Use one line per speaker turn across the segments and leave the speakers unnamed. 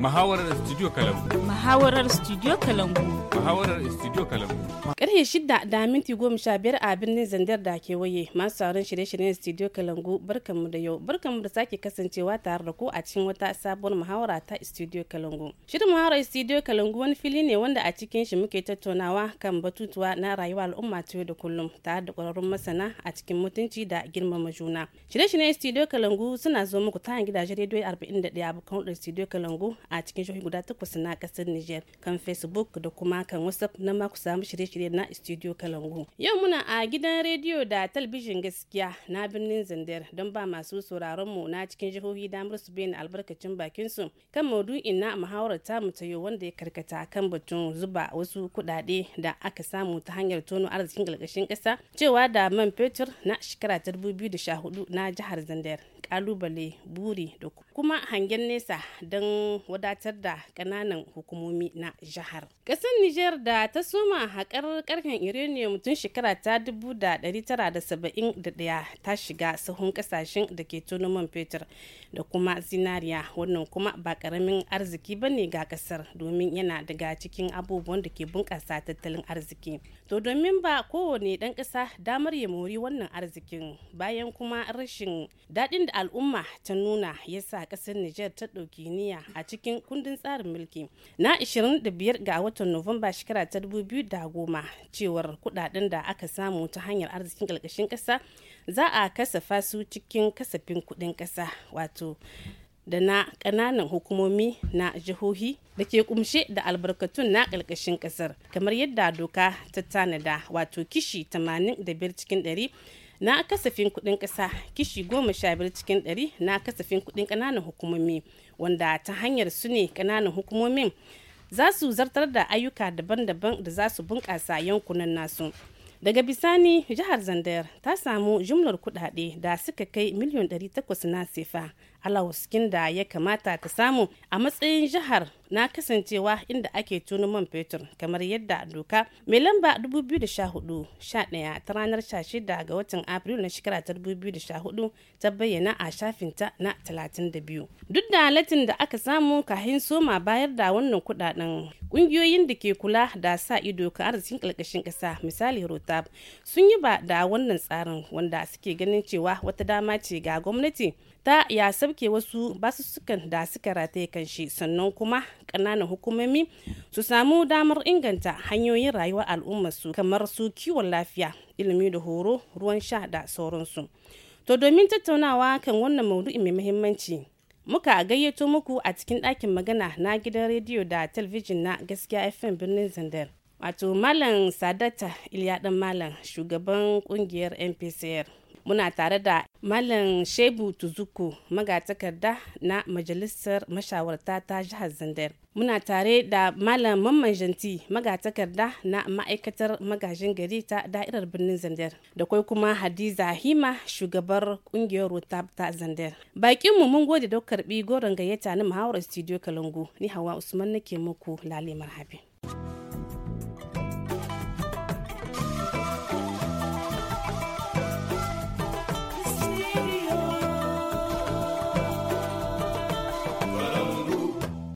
Muhawarar Studio Kalambu.
Muhawarar Studio Kalambu.
Muhawarar Studio Kalambu.
Karfe shida da minti goma sha biyar a birnin Zandar da kewaye masu sauran shirye-shiryen Studio Kalangu barkanmu da yau barkanmu da sake kasancewa tare da ku a cikin wata sabuwar muhawara ta Studio Kalangu. Shirin muhawarar Studio Kalangu wani fili ne wanda a cikin shi muke tattaunawa kan batutuwa na rayuwa al'umma ta yau da kullum tare da ƙwararrun masana a cikin mutunci da girmama juna. Shirye-shiryen Studio Kalangu suna zo muku ta gidajen rediyo 41 abokan Studio Kalangu a cikin shirin guda takwas na kasar Nijar kan Facebook da kuma kan WhatsApp na ma ku samu shirye-shirye na Studio Kalangu. Yau muna a gidan rediyo da talbijin gaskiya na birnin Zandar don ba masu sauraron mu na cikin jihohi damar su bayan albarkacin bakin su kan maudu'in na muhawarar tamu ta yau wanda ya karkata kan batun zuba wasu kuɗaɗe da aka samu ta hanyar tono arzikin galgashin ƙasa cewa da man fetur na shekara ta 2014 na jihar Zandar kalubale buri da kuma kuma hangen nesa don wadatar da kananan hukumomi na jihar. Ƙasar Nijar da ta soma haƙar ƙarfin uranium tun shekara ta saba'in 1971 ta shiga sahun ƙasashen da ke tono man fetur da kuma zinariya wannan kuma ba ƙaramin arziki ba ne ga ƙasar domin yana daga cikin abubuwan da ke bunƙasa tattalin arziki. To domin ba kowane ɗan ƙasa damar ya mori wannan arzikin bayan kuma rashin daɗin da al'umma ta nuna ya sa ƙasar Nijar ta ɗauki niyya a cikin kundin tsarin mulki na 25 ga watan Nuwamba shekara ta 2010 cewar kudaden da aka samu ta hanyar arzikin ƙarƙashin ƙasa za a kasafa su cikin kasafin kuɗin ƙasa wato da na ƙananan hukumomi na jihohi da ke kumshe da albarkatun na ƙarƙashin ƙasar kamar yadda doka ta tanada wato kishi 85 cikin 100 na kasafin kudin kasa kishi goma sha biyar cikin ɗari na kasafin kudin ƙananan hukumomi wanda ta hanyar su ne ƙananan hukumomin za su zartar da ayyuka daban-daban da za su bunƙasa yankunan nasu daga bisani jihar zandar ta samu jumlar kudade da suka kai miliyan 800 na sefa alawaskin da ya kamata ta samu a matsayin jihar na kasancewa inda ake tono man fetur kamar yadda doka mai lamba 2014-11 ta ranar 16 ga watan afrilu na shekara ta 2014 ta bayyana a shafinta na 32 duk da latin da aka samu kahin soma bayar da wannan kudaden kungiyoyin da ke kula da sa ido ka arzikin karkashin kasa misali rotab sun yi ba da wannan tsarin wanda suke ganin cewa wata dama ce ga gwamnati ta ya sabke wasu basussukan da suka rataye kan shi sannan kuma ƙananan hukumomi su samu damar inganta hanyoyin rayuwar su kamar su kiwon lafiya ilimi da horo ruwan sha da sauransu to domin tattaunawa kan wannan maudu'i mai muhimmanci muka gayyato muku a cikin ɗakin magana na gidan rediyo da talabijin na gaskiya fm birnin zandar wato malam sadata iliya dan malam shugaban kungiyar npcr muna tare da malam shebu tuzuku magatakarda na majalisar mashawarta ta jihar zandar muna tare da malam mamman janti magatakarda na ma'aikatar magajin gari ta da'irar birnin zandar da kwai kuma hadiza hima shugabar kungiyar rota ta zandar bakin mu mun gode da karbi goron gayyata na muhawarar studio kalangu ni hawa usman nake muku lale marhabi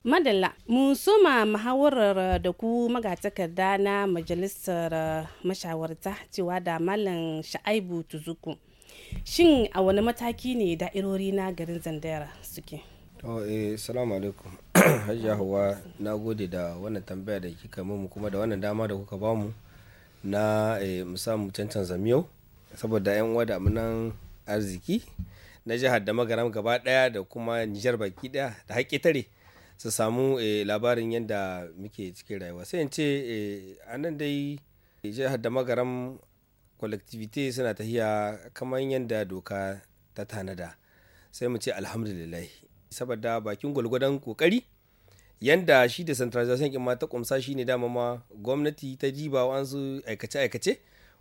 madalla mun soma muhawarar eh, da ku magatakarda na majalisar eh, mashawarta cewa da malam sha'aibu tuzuku shin a wani mataki ne da'irori na garin zandera suke
to eh salamu alaikum hajiya hawa na gode da wannan tambaya da kika mu kuma da wannan dama da kuka bamu na eh, musamman cancan zamiyau saboda yan uwa da munan arziki na jihar da magaram gaba daya da kuma nijar baki daya da haƙƙi tare su samu eh, labarin yadda muke cikin rayuwa sai in ce eh, a nan dai jihar da magaram collectivity suna tahiya kamar yadda doka ta tanada sai mu ce alhamdulillah saboda bakin gwalgwadon kokari yanda shi da centralization ma ta kumsa ne dama ma gwamnati ta jiba wa'ansu aikace-aikace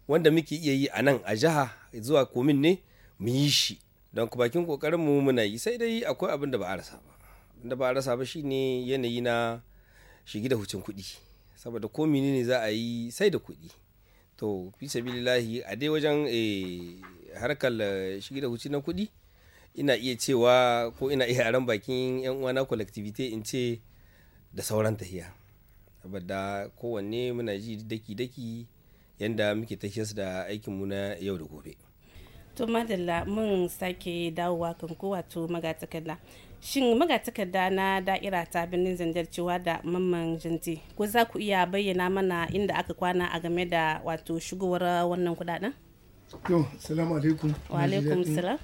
wanda muke iya yi a nan a jiha zuwa komin ne mu yi shi don bakin kokarin mu muna yi sai dai akwai abin da ba a rasa ba da ba a rasa ba shine yanayi na shigi da hucin kuɗi saboda ko menene za a yi sai da kuɗi to fi sabilillahi a dai wajen eh, harkar eh, shigi da hucin na kuɗi ina iya cewa ko ina iya aran bakin yan uwana collectivity in ce da sauran tahiya saboda kowanne muna ji daki-daki yanda muke tafiyar da aikin mu na yau da gobe.
to madalla mun sake dawowa kan kowato magatakalla shin magatakarda na da'ira ta birnin zanjar cewa da mamman jinti ko za ku iya bayyana mana inda aka kwana a game da wato shigowar wannan kudaden
yau salamu alaikum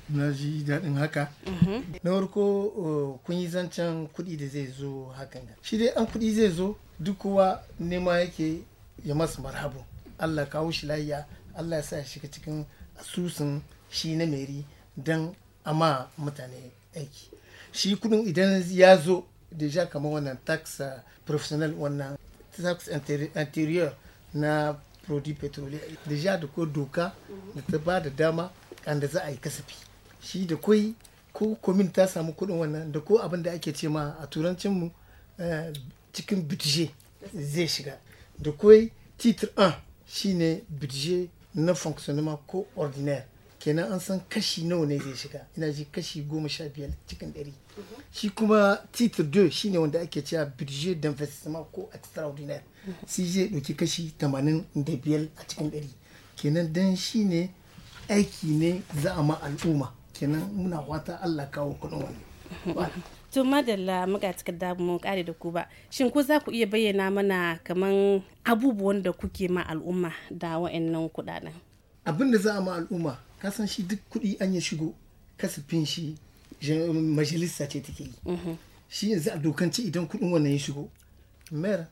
na ji daɗin haka mhm. na farko kun yi zancen kuɗi da zai zo hakan shi dai an kuɗi zai zo duk kowa nema yake ya masu marhabu allah kawo shi layya allah ya sa ya shiga cikin asusun shi na meri don ma mutane aiki shi kudin idan ya zo deja kamar wannan tax uh, professional wannan tax interior na produit petroleum deja da ko doka da ta ba da dama kan da za a yi kasafi shi da kai ko komin ta samu kudin wannan da ko abin da ake ce ma a turancin mu uh, cikin budget zai shiga da kai titre 1 shine budget na fonctionnement ko ordinaire kenan an san kashi nawa ne zai shiga ina ji kashi goma sha biyar cikin ɗari mhm. shi kuma titre shi ne wanda ake cewa budget d'investissement ko extraordinaire mhm. sai zai ɗauki kashi biyar a cikin ɗari kenan dan ne aiki ne za a ma al'umma kenan muna wata allah kawo kuɗin wani
mhm. to madalla muka cika mu kare da ku ba shin ko za ku iya bayyana mana kaman abubuwan da kuke ma al'umma da wa'annan kuɗaɗen
abin da za a ma al'umma san shi duk kuɗi an ya shigo kasafin shi majalisa ce take yi mhm. shi yanzu a dokance idan kuɗin wannan ya shigo mayor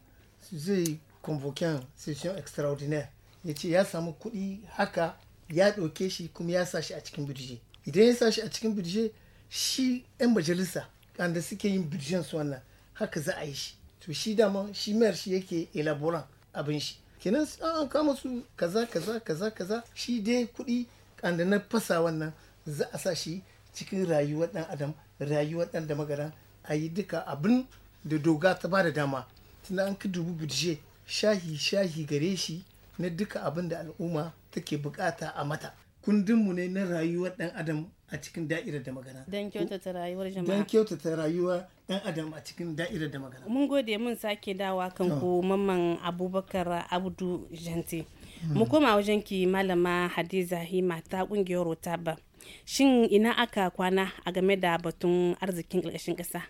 zai convoquer session extraordinaire ya ce ya samu kuɗi haka ya ɗauke shi kuma ya sa shi a cikin birje idan ya sa shi a cikin birje shi 'yan majalisa da suke yin birjen su wannan haka za a yi shi to shi dama shi mayar shi yake elaboran abin shi kenan an kama su kaza kaza kaza kaza shi dai kuɗi kanda na fasa wannan za a sa shi cikin rayuwar dan adam rayuwar dan da magaran a yi duka abin da doga ta ba da dama tunda an ka dubu bidje shahi shahi gare shi na duka abin da al'umma take bukata a mata kundinmu ne na rayuwar dan adam a cikin da'irar da magana don kyautata rayuwar jama'a don kyautata rayuwa dan adam a cikin da'irar da magana mun
gode mun sake dawa kan ku mamman abubakar abdu janti mu koma wajen ki malama hadiza hima ta kungiyar ba shin ina aka kwana a game da batun arzikin ƙarƙashin ƙasa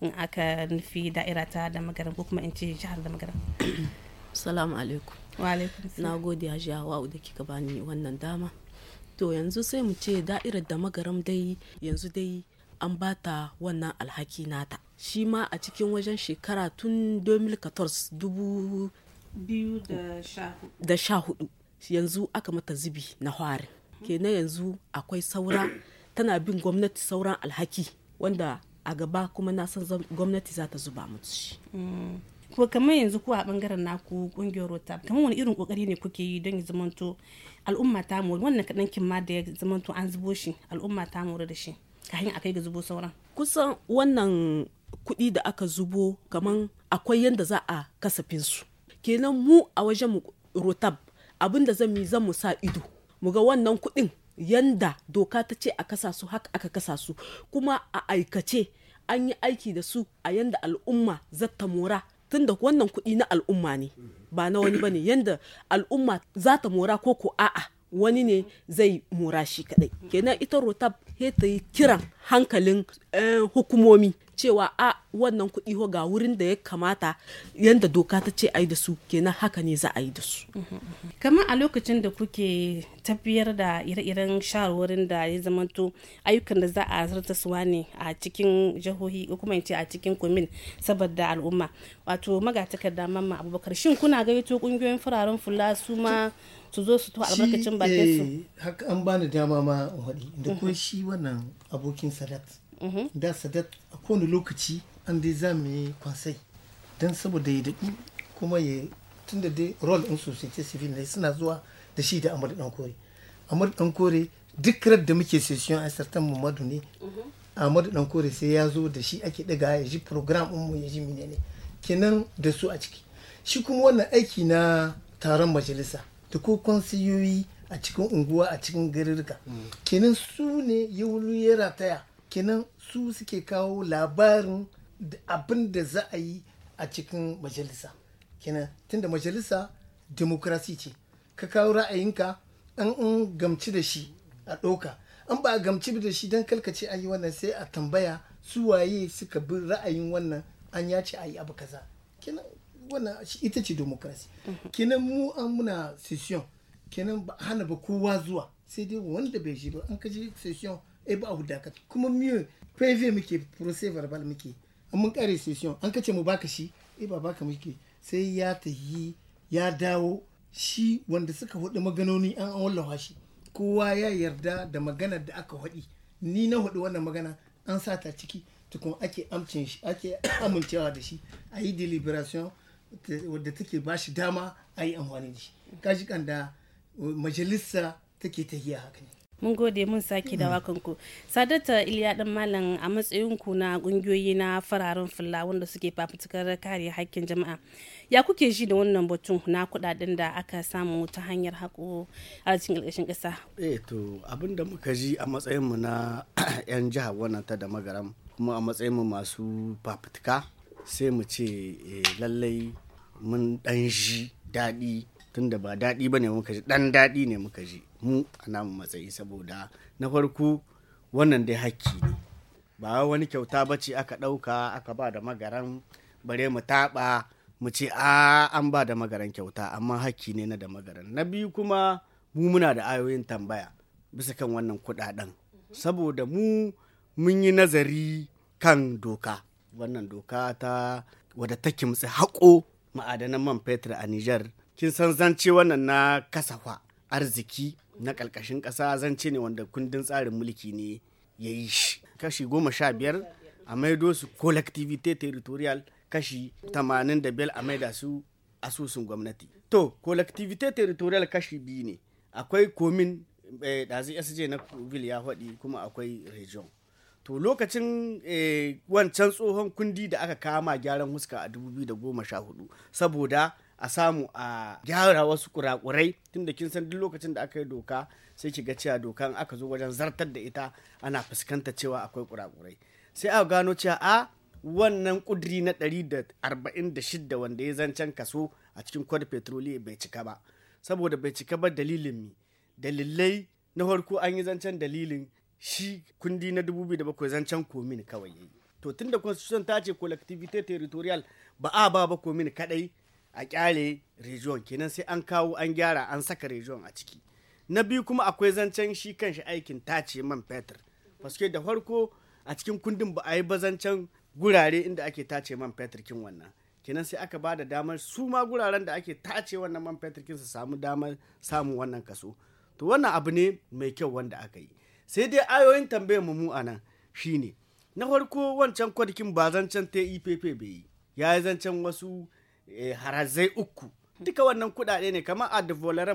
in aka nufi da'ira ta da
magaran ko kuma in ce jihar da magaran salamu alaikum wa alaikum na gode haji wa'u da kika bani wannan dama to yanzu sai mu ce da'irar da magaram dai yanzu dai an bata wannan alhaki nata shi ma a cikin wajen shekara tun 2014 biyu da sha hudu da sha hudu yanzu aka mata zubi na hwari kenan yanzu akwai saura tana bin gwamnati sauran alhaki wanda a gaba kuma na san gwamnati za ta zuba mutu shi
mm. ko kamar yanzu ko a bangaren naku kungiyar rota kamar wani irin kokari ne kuke yi don zamanto al'umma ta mori wannan kadan ma da ya zamanto an zubo shi al'umma ta mori da shi
kahin akai ga zubo sauran kusan wannan kuɗi da aka zubo kamar akwai yadda za a kasafin su kenan mu a wajen rotab abin da zan yi zan mu sa ido mu ga wannan kuɗin yanda doka ta ce a kasa su haka aka kasa su kuma a aikace an yi aiki da su a yanda al'umma ta mora tun da wannan kuɗi na al'umma ne ba na wani bane yanda al'umma za ta mora ko ko a'a wani ne zai mora shi kadai kenan ita rotab he ta yi kiran hankalin eh, hukumomi cewa a wannan kuɗi ga wurin da ya kamata yadda doka ta ce ai da su kenan haka ne za a yi da su. kamar a
lokacin da kuke tafiyar da ire-iren shawarwarin da ya zamanto ayyukan da za a zartaswa ne a cikin jihohi ko kuma ce a cikin kumin saboda al'umma wato magatakarda mamma abubakar shin kuna gaito kungiyoyin fararen fula su ma su zo su to albarkacin bakin su eh,
haka an bani dama ma wadi da ko mhm. shi wannan abokin sadat mhm. da sadat a kowane lokaci an dai za mu yi kwasai don saboda ya daɗi kuma ya tun da dai rol in society civil ne suna zuwa da shi da amur dan kore amur dan kore duk rab da muke session a sartan mamadu ne mhm. amur dan kore sai ya zo da shi ake daga ya ji program mu ya ji menene kenan da su a ciki shi kuma wannan aiki na taron majalisa da ko kwansiyoyi a cikin unguwa a cikin garirka kenan su ne yawulu ya rataya kenan su suke kawo labarin abin da za a yi a cikin majalisa kenan tunda majalisa demokrasi ce ka kawo ra'ayinka an in gamci da shi a ɗauka an ba a gamci da shi don kalkace a yi wannan sai a tambaya su waye suka bi ra'ayin wannan an ya ce a yi abu kaza kenan wannan ita ce demokrasi kenan mu an muna session kenan ba hana ba kowa zuwa sai dai wanda bai shi ba an kaji session ai ba a hudaka kuma mu pv muke procès verbal muke an mun kare session an kace mu baka shi e ba baka muke sai ya tahi ya dawo shi wanda suka hudu maganoni an an wallafa shi kowa ya yarda da maganar da aka hudi ni na hudu wannan magana an sata ciki tukun ake amincewa da shi a yi deliberation wadda take ba shi dama a yi amfani da shi kan kanda majalisa take yi haka ne
mun gode mun sake da wakanku sadata iliya dan malam a matsayin ku na kungiyoyi na fararen fulla wanda suke fafutukar kare hakkin jama'a ya kuke ji da wannan batun na kudaden da aka samu ta hanyar haƙo a cikin ƙarƙashin ƙasa
eh to abin da muka ji a matsayin mu na yan jihar wannan ta da magaram kuma a matsayin mu masu fafutuka sai mu ce eh, lallai mun ɗan ji daɗi tunda ba daɗi ba ne muka ji ɗan daɗi ne muka ji mu a namu matsayi saboda na farko wannan dai hakki ne ba wani kyauta ba ce aka ɗauka aka ba da magaran bare mu taɓa mu ce a an ba da magaran kyauta amma hakki ne na da magaran na biyu kuma mu muna da ayoyin tambaya bisa kan wannan kuɗaɗen saboda mu mun yi nazari kan doka wannan doka ta wadda ta kimtsi haƙo ma'adanan man fetur a Nijar. Kin san zance wannan na kasafa arziki na ƙarƙashin ƙasa zance ne wanda kundin tsarin mulki ne ya yi shi. Kashi goma sha biyar a maido su collectivité territorial kashi tamanin da biyar a maida su asusun gwamnati. To, collectivité territorial kashi biyu ne. Akwai komin eh, ɗazi SJ na ya faɗi kuma akwai region. to lokacin eh, wancan tsohon kundi da aka kama gyaran huska a 2014 saboda a samu a gyara wasu kurakurai tunda kin san duk lokacin da aka yi doka sai ki ga cewa dokan aka zo wajen zartar da ita ana fuskanta cewa akwai kurakurai sai a gano cewa a wannan kudiri na 146 wanda ya zancen kaso a cikin kwad petroli bai cika ba saboda bai cika ba dalilin mi dalilai na farko an yi zancen dalilin shi kundi na 2007 can komin kawai yayi to tunda constitution ta ce collectivité territorial ba a ba ba komin kadai a kyale region kenan sai an kawo an gyara an saka region a ciki na biyu kuma akwai zancen shi kan shi aikin tace man fetur paske da farko a cikin kundin ba a yi ba bazancen gurare inda ake tace man fetur kin wannan kenan sai aka ba da damar su ma guraren da ake tace wannan man fetur kin su samu damar samun wannan kaso to wannan abu ne mai kyau wanda aka yi sai dai ayoyin tambayar mu mu anan shine na farko wancan kwadikin ba zancen ta ipp e bai yi ya yi zancen wasu eh, harazai uku duka wannan kudade ne kamar a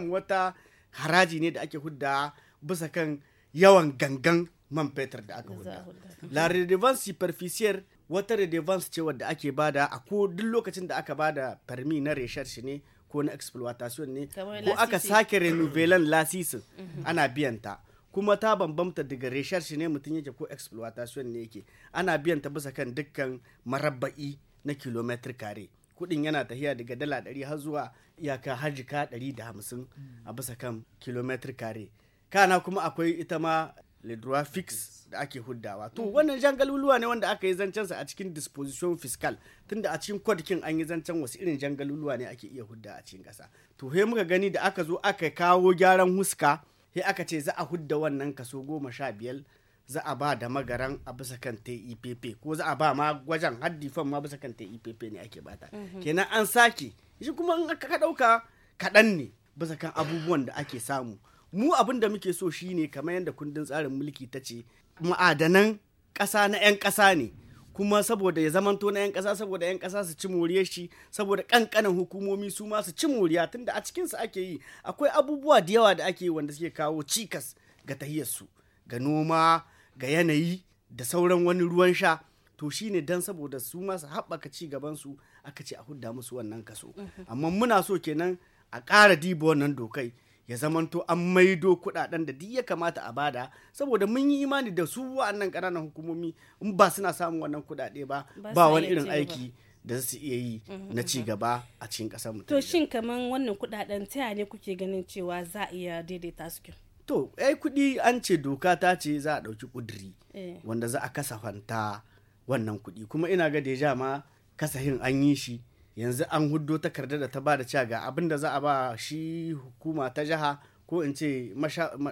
wata haraji ne da ake hudda bisa kan yawan gangan man fetur da aka hudda la redevance superficielle wata redevance ce wadda ake bada a ko duk lokacin da aka bada permi na research ne ko na exploitation ne ko aka sake renouvelan lasisin ana biyan ta kuma ta bambamta daga shi ne mutum yake ko exploitation ne yake ana biyan ta bisa kan dukkan marabba'i na kilometer kare kudin yana tafiya daga dala 100 har zuwa iyaka da 150 a bisa kan kilometer kare kana kuma akwai ita ma droit fix da ake huddawa to wannan jan galuluwa ne wanda aka yi zancen sa a cikin disposition fiscal tunda a cikin kwadikin an yi zancen wasu irin jan galuluwa ne ake iya hudda a cikin kasa to he muka gani da aka zo aka kawo gyaran huska sai aka ce za a hudda wannan kaso goma sha biyar za a ba da magaran a bisa kan tepp ko za a ba ma gwajan haddifan ma bisa kan tepp ne ake bata mhm. kenan an sake shi kuma in aka ɗauka kaɗan ne bisa kan abubuwan da ake samu mu abin da muke so shine kamar yadda kundin tsarin mulki ta ce ma'adanan kasa na 'yan ƙasa ne kuma saboda ya zamanto na 'yan kasa saboda 'yan kasa su ci moriyar shi saboda kankanin hukumomi su ma su ci moriya tunda a cikinsu ake yi akwai abubuwa da yawa da ake yi wanda suke kawo cikas ga tahiyarsu ga noma ga yanayi da sauran wani ruwan sha to shi ne don saboda su ma su haɓaka ci gabansu aka ce a hudda musu wannan kaso amma muna so kenan a ƙara diba wannan dokai ya zamanto an maido kuɗaɗen da duk ya kamata a bada saboda mun yi imani da su wa'annan ƙananan hukumomi in ba suna samun wannan kuɗaɗe ba ba wani irin aiki da su iya yi mm, mm, na mm, ci gaba a cikin ƙasar mu. To
shin kaman wannan kuɗaɗen taya ne kuke ganin cewa za a iya daidaita su
To ai kuɗi an ce doka ta ce za a ɗauki kudiri eh. wanda za a kasafanta wannan kuɗi kuma ina ga deja ma kasahin an yi shi yanzu an huddo takarda da ta ba da ga abin da za a ba shi hukuma ta jiha ko in ce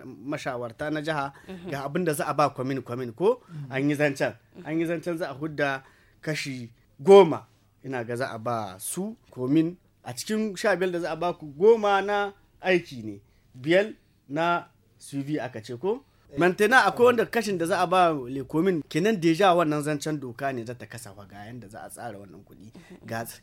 mashawarta na jiha ga abin da za a ba kwamin kwamin ko an yi zancen an yi zancen za a hudda kashi goma ina ga za a ba su komin a cikin sha biyar da za a ba ku goma na aiki ne biyar na suv aka ce ko Eh. mantana akwai wanda kashin da za a ba lekomin kenan deja wannan zancen doka ne zata ta kasa ga yanda za a tsara wannan kuɗi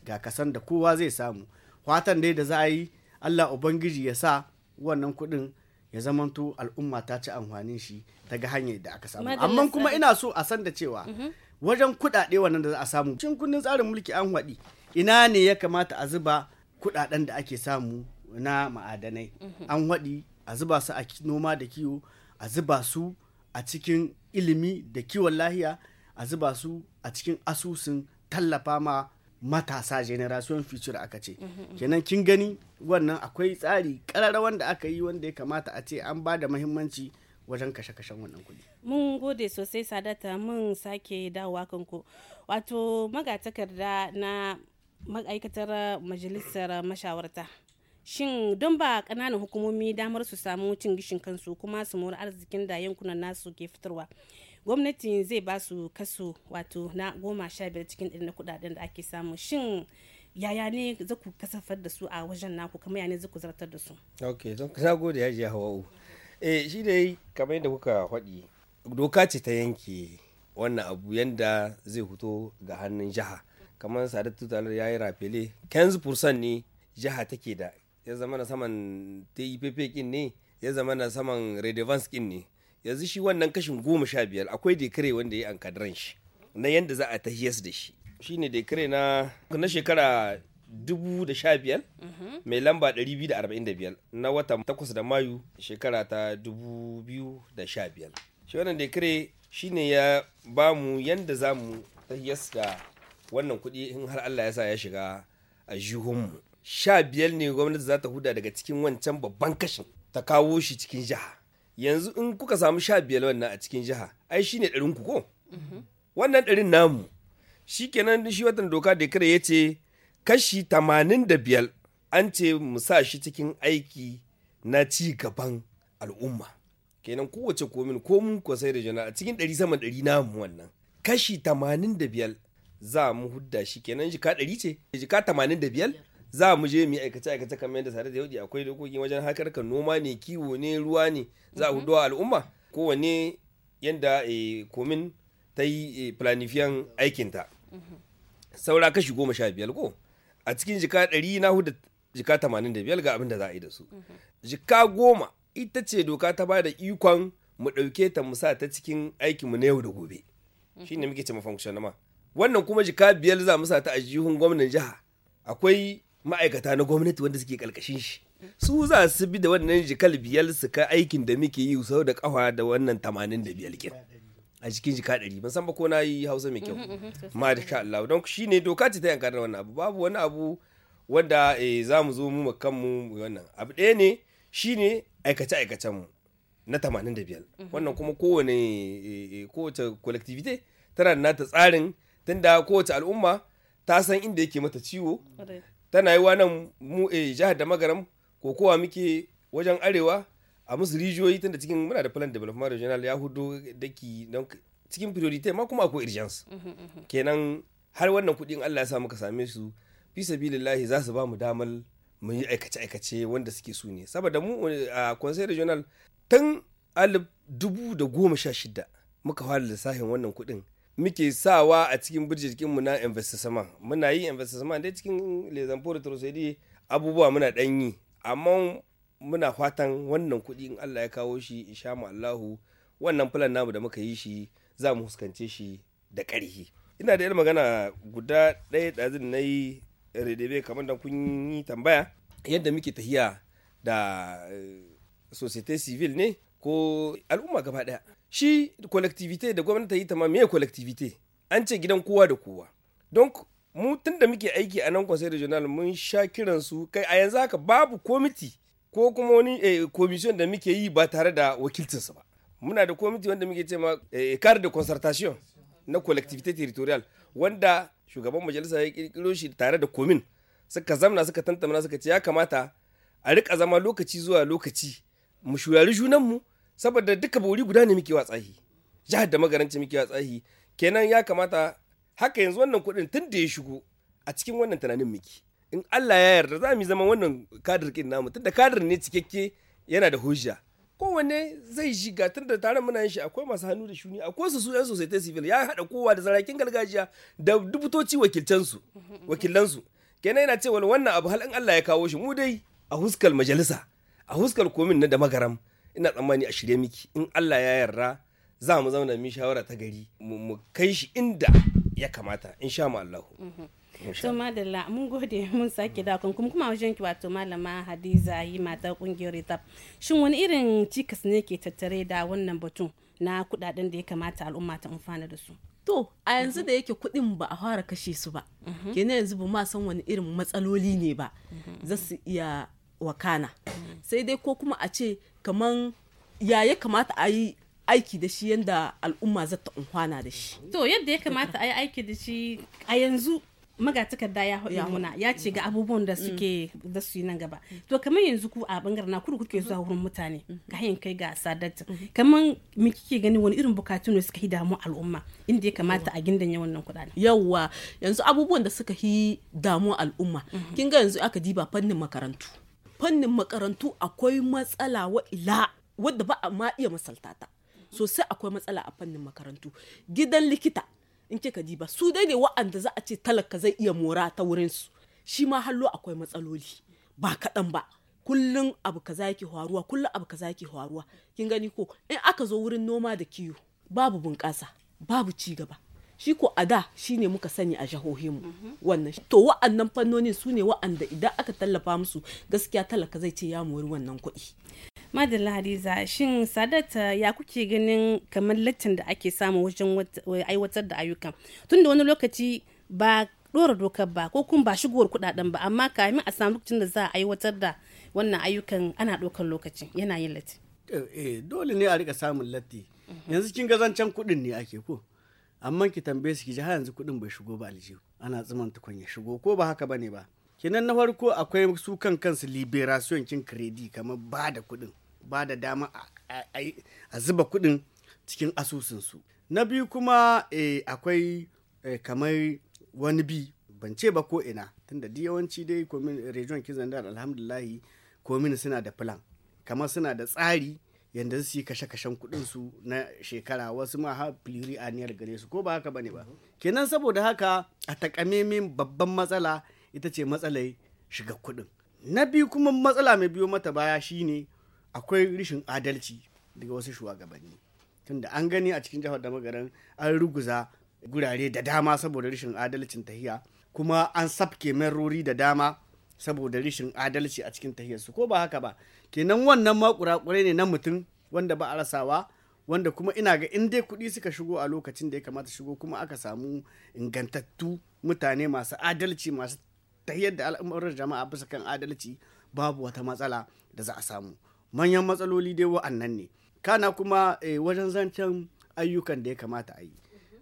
ga kasan da kowa zai samu watan dai da za a yi allah ubangiji ya sa wannan kuɗin ya zamanto al'umma ta ci amfanin shi ta ga hanyar da aka samu amma kuma ina so a san da cewa mhm. wajen kuɗaɗe wannan da za a samu cikin kundin tsarin mulki an waɗi ina ne ya kamata a zuba kuɗaɗen da ake samu na ma'adanai mhm. an haɗi a zuba su a noma da kiwo a zuba su a cikin ilimi da kiwon lahiya a zuba su a cikin asusun tallafa ma matasa generation future aka ce kenan kin gani wannan akwai tsari karara wanda aka yi wanda ya kamata a ce an ba da mahimmanci wajen kashe-kashen wannan kuɗi.
mun gode sosai sadata mun sake dawowa kanku wato magatakarda na ma'aikatar majalisar mashawarta shin don ba kananan hukumomi damar su samu cin gishin kansu kuma su mori arzikin da yankunan nasu ke fitarwa gwamnati zai ba su kaso wato na goma sha biyar cikin ɗari na kuɗaɗen da ake samu shin yaya ne za ku kasafar da su a wajen naku kamar yaya ne za ku zartar da su
ok zan gode ya ji hawa'u eh shi yi kamar yadda kuka faɗi doka ce ta yanke wannan abu yanda zai fito ga hannun jiha kamar sadat tutalar ya yi rafele 15% ne jiha take da ya zama na saman TPP kin ne ya zama na saman Redevans kin ne yanzu shi wannan kashin goma sha biyar akwai dekare wanda ya kadran shi na yanda za a tahiyas da shi shine dekare na na shekara 2015 mhm. mai lamba 245 na watan 8 da mayu shekara ta 2015 shi wannan dekare shine ya ba mu yanda za mu tahiyas da wannan kuɗi in har Allah ya sa ya shiga a jihunmu sha biyar ne gwamnati za ta huda daga cikin wancan babban kashin ta kawo shi cikin jiha yanzu in kuka samu sha biyar wannan a cikin jiha ai shi ne ɗarinku ko wannan ɗarin namu shi kenan shi watan doka da kare ya ce kashi tamanin da biyar an ce mu sa shi cikin aiki na ci gaban al'umma kenan kowace komin ko mun ko sai da jana a cikin ɗari sama ɗari namu wannan kashi tamanin da biyar za mu hudda shi kenan jika ɗari ce jika tamanin da biyar za mu je mu yi aikace aikace kamar yadda sare da yaudi akwai dokoki wajen harkar noma ne kiwo ne ruwa ne za a mhm. hudu al'umma kowanne yadda eh, komin ta yi eh, planifiyan aikinta mhm. saura kashi goma sha biyar ko a cikin jika ɗari na hudu jika tamanin da biyar ga abin da za a yi da su mhm. jika goma ita ce doka ta bada ikon mu ɗauke ta mu sa ta cikin aikinmu na yau da gobe shi ne muke ce ma wannan kuma jika biyar za mu sa ta a jihun gwamnan jiha akwai ma'aikata na gwamnati wanda suke kalkashin shi su za su bi da wannan jikal biyar su ka aikin da muke yi sau da kafa da wannan tamanin da biyar kin a cikin jika ɗari ban san ba ko na yi hausa mai kyau ma da sha Allah don shi ne doka ce ta yanka da wannan abu babu wani abu wanda eh, za mu zo mu mu wannan abu ɗaya ne shi ne aikace aikacen mu na tamanin da biyar mm-hmm. wannan kuma kowane eh, eh, kowace collectivity tana da nata tsarin tunda kowace al'umma ta san inda yake mata ciwo tana yi nan mu e jihar da magaram ko kowa muke wajen arewa a musu rijiyoyi tunda cikin muna da plan development regional ya hudo daki don cikin priority ma kuma akwai urgence mm-hmm, mm-hmm. kenan har wannan kuɗin Allah ya sa muka same su fi sabilillahi za su ba mu damar mu yi aikace aikace wanda suke su ne saboda mu eh, a conseil regional tun alif dubu da goma sha shida muka fara lissafin wannan kuɗin muke sawa a cikin birji jikinmu na investissement muna yi investissement dai cikin lezampo retrocedi abubuwa muna dan yi amma muna fatan wannan kuɗi in Allah ya kawo shi insha mu Allahu wannan filan namu da muka yi shi za mu huskance shi da ƙarfi ina da yar magana guda ɗaya ɗazin na yi redebe kamar da kun yi tambaya yadda muke tahiya da eh, societe civil ne ko al'umma gaba ɗaya shi collectivity da gwamnati ta yi ta ma me collectivity an ce gidan kowa da kowa don mu tun da muke aiki a nan conseil regional mun sha kiran su kai a yanzu haka babu komiti ko kuma wani eh, commission da muke yi ba tare da wakilcinsa ba muna da komiti wanda muke ce ma kare eh, da de concertation na collectivité territorial wanda shugaban majalisa ya kirkiro shi tare da komin suka zamna suka tantamna suka ce ya kamata a rika zama lokaci zuwa lokaci mu shurari junanmu mu saboda duka bori guda ne muke watsahi jihar da magaranci muke watsahi kenan ya kamata haka yanzu wannan kuɗin tun da ya shigo a cikin wannan tunanin muke in Allah ya yarda za mu zama wannan kadir kin namu tunda kadir ne cikakke yana da hujja kowanne zai shiga ga da taron muna yin shi akwai masu hannu da shuni akwai su su yan ta civil ya haɗa kowa da zarakin gargajiya da dubutoci wakilcansu wakilansu kenan yana cewa wannan abu hal in Allah ya kawo shi mu dai a huskar majalisa a huskar komin na da magaram ina tsammani a shirye miki in Allah ya yarda za mu zauna mu shawara ta gari mu kai shi inda ya kamata sha mu mhm. Allah to
madalla mun gode mun sake dakon kuma kuma wajen ki wato malama Hadiza yi mata kungiyar ritab shin wani irin cikas ne ke tattare da wannan batun na kudaden da ya kamata al'umma ta amfana da su
to a yanzu da yake kuɗin ba a fara kashe su ba mhm. kenan yanzu ba ma san wani irin matsaloli ne ba mhm. za su iya wakana sai dai ko kuma a ce kaman ya ya kamata a yi aiki da shi yadda al'umma za ta unhwana da shi
to yadda ya kamata a yi aiki da shi a yanzu magatakarda ya muna ya ce ga mm. abubuwan da mm. suke da su yi nan gaba to kamar yanzu ku a bangaren na kuru kuke zuwa wurin mutane ga mm. hanyar kai ga sadarta mm-hmm.
kamar me kike gani wani irin bukatu ne suka yi damu al'umma inda ya kamata a yawan wannan kuɗa. yawwa yanzu abubuwan da suka yi damu al'umma mm-hmm. kin ga yanzu aka diba fannin makarantu fannin makarantu akwai matsala wa ila wadda ba a ma iya masalta ta sosai akwai matsala a fannin makarantu gidan likita in kika ji ba su dai ne wa'anda za a ce talaka zai iya mora ta wurin su shi ma hallo akwai matsaloli ba kaɗan ba kullum abu kaza yake faruwa kullum abu kaza yake faruwa kin gani ko in aka zo wurin noma da kiwo babu bunƙasa babu ci gaba shi ko a da shi ne muka sani a jihohinmu mhm. wannan to wa'annan fannonin su ne wa'anda idan aka tallafa musu gaskiya talaka zai ce ya mori wannan kuɗi
madalla hadiza shin sadata ya kuke ganin kamar lattin da ake samu wajen aiwatar da ayyukan tunda wani lokaci ba dora dokar ba ko kuma ba shigowar kuɗaɗen ba amma kamin a samu lokacin da za a aiwatar da wannan ayyukan ana ɗaukar lokaci yana yin latti
eh, eh, dole ne a rika samun latti mhm. yanzu kin ga kuɗin ne ake ko amma ki tambaye su ki ji har yanzu kuɗin bai shigo ba aljihu ana tsiman tukun ya shigo ko ba haka bane ba kinan na farko akwai su kan kansu liberation kin kredi kamar ba da kuɗin ba da dama a zuba kuɗin cikin asusun su. na biyu kuma eh, akwai eh, kamar wani bi ban ce ba ko ina tunda da yawanci dai region kizan da alhamdulahi komin suna da plan kamar suna da tsari yanda su yi kashe-kashen kuɗin su na shekara wasu ma a niyar gare su ko ba haka bane ba kenan saboda haka a takamemin babban matsala ita ce matsalai shiga kuɗin na biyu kuma matsala mai biyo mata baya shine akwai rishin adalci daga wasu shugabanni tunda an gani a cikin jihar damagaran an ruguza gurare da dama saboda rishin adalcin tahiya kuma an sabke merori da dama saboda rishin adalci a cikin tahiyarsu ko ba haka ba kenan wannan ma kurakurai ne na mutum wanda ba a rasawa wanda kuma ina ga in dai kuɗi suka shigo a lokacin da ya kamata shigo kuma aka samu ingantattu mutane masu adalci masu tahiyar da al'amuran jama'a bisa kan adalci babu wata matsala da za a samu manyan matsaloli dai wa'annan ne kana kuma eh, wajen zancen ayyukan da ya kamata a yi